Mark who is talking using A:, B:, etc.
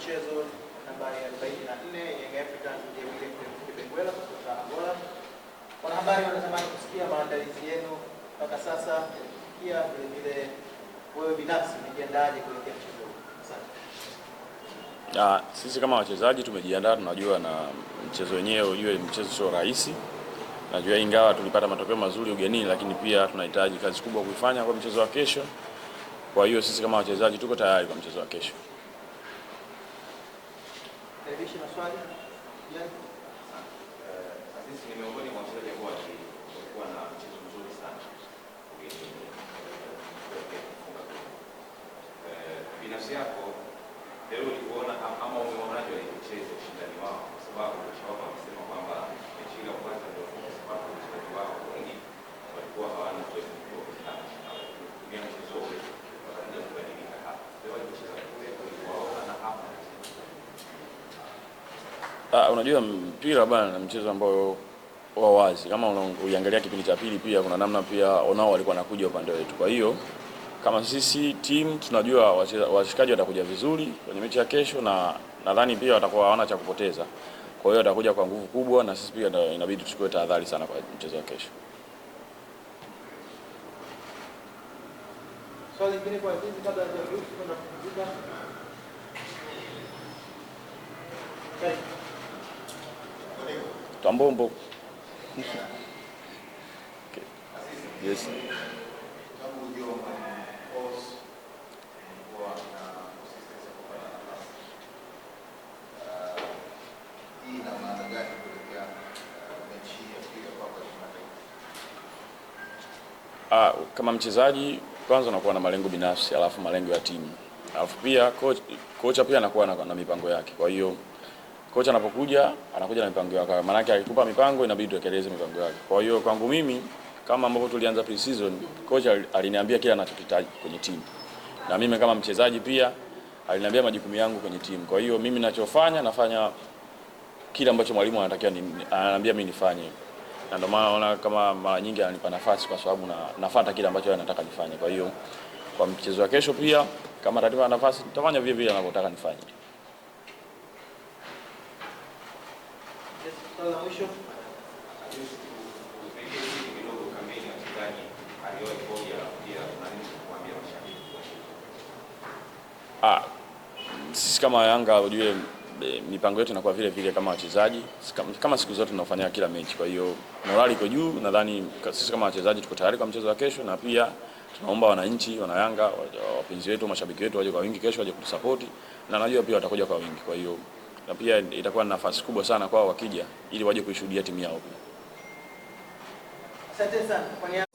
A: mchezo nambari 44 Young Africans mjamile Benguela kutoka Angola. Wanahabari wanatamani kusikia maandalizi yenu mpaka sasa yalifikia, vile vile wewe binafsi umejiandaje kuelekea mchezo huu? Asante. Ah, sisi kama wachezaji tumejiandaa, tunajua na mchezo wenyewe, ujue mchezo sio rahisi. Najua ingawa tulipata matokeo mazuri ugenini, lakini pia tunahitaji kazi kubwa kuifanya kwa mchezo wa kesho. Kwa hiyo sisi kama wachezaji tuko tayari kwa mchezo wa kesho. Karibisha maswali. Azizi ni miongoni mwa wachezaji ambao walikuwa na mchezo mzuri sana. Binafsi yako leo ulikuona ama umeonaje ile ushindani wao, kwa sababu wamesema kwamba Ah, unajua mpira bana, mchezo ambao wa wazi kama uliangalia kipindi cha pili, pia kuna namna pia onao walikuwa nakuja upande wetu. Kwa hiyo kama sisi timu tunajua washikaji watakuja vizuri kwenye mechi ya kesho, na nadhani pia watakuwa hawana cha kupoteza. Kwa hiyo watakuja kwa nguvu kubwa, na sisi pia inabidi tuchukue tahadhari sana kwa mchezo wa kesho. Swali lingine kwa kabla ya kuruhusu kwenda kupumzika. Kambombo. Okay. Yes. Ah, kama mchezaji kwanza unakuwa na malengo binafsi, alafu malengo ya timu, alafu pia kocha pia anakuwa na, na mipango yake, kwa hiyo kocha anapokuja anakuja na mipango yake, maana yake akikupa mipango inabidi tuekeleze mipango yake. Kwa hiyo kwangu mimi, kama ambavyo tulianza pre-season, kocha aliniambia kila anachokitaji kwenye timu, na mimi kama mchezaji pia aliniambia majukumu yangu kwenye timu. Kwa hiyo mimi ninachofanya nafanya kile ambacho mwalimu anatakiwa ananiambia mimi nifanye, na ndio maana naona kama mara nyingi ananipa nafasi kwa sababu na, nafuata kile ambacho anataka nifanye. Kwa hiyo kwa mchezo wa kesho pia kama atanipa nafasi nitafanya vile vile anavyotaka nifanye. la mwisho Ah, sisi kama Yanga ujue mipango yetu inakuwa vile vile kama wachezaji kama siku zote tunafanya kila mechi. Kwa hiyo morali iko juu, nadhani sisi kama wachezaji tuko tayari kwa mchezo wa kesho, na pia tunaomba wananchi, wanayanga, wapenzi wetu, mashabiki wetu waje kwa wingi kesho, waje kutusapoti, na najua pia watakuja kwa wingi, kwa hiyo na pia itakuwa na nafasi kubwa sana kwao wakija, ili waje kuishuhudia timu yao pia. Asante sana.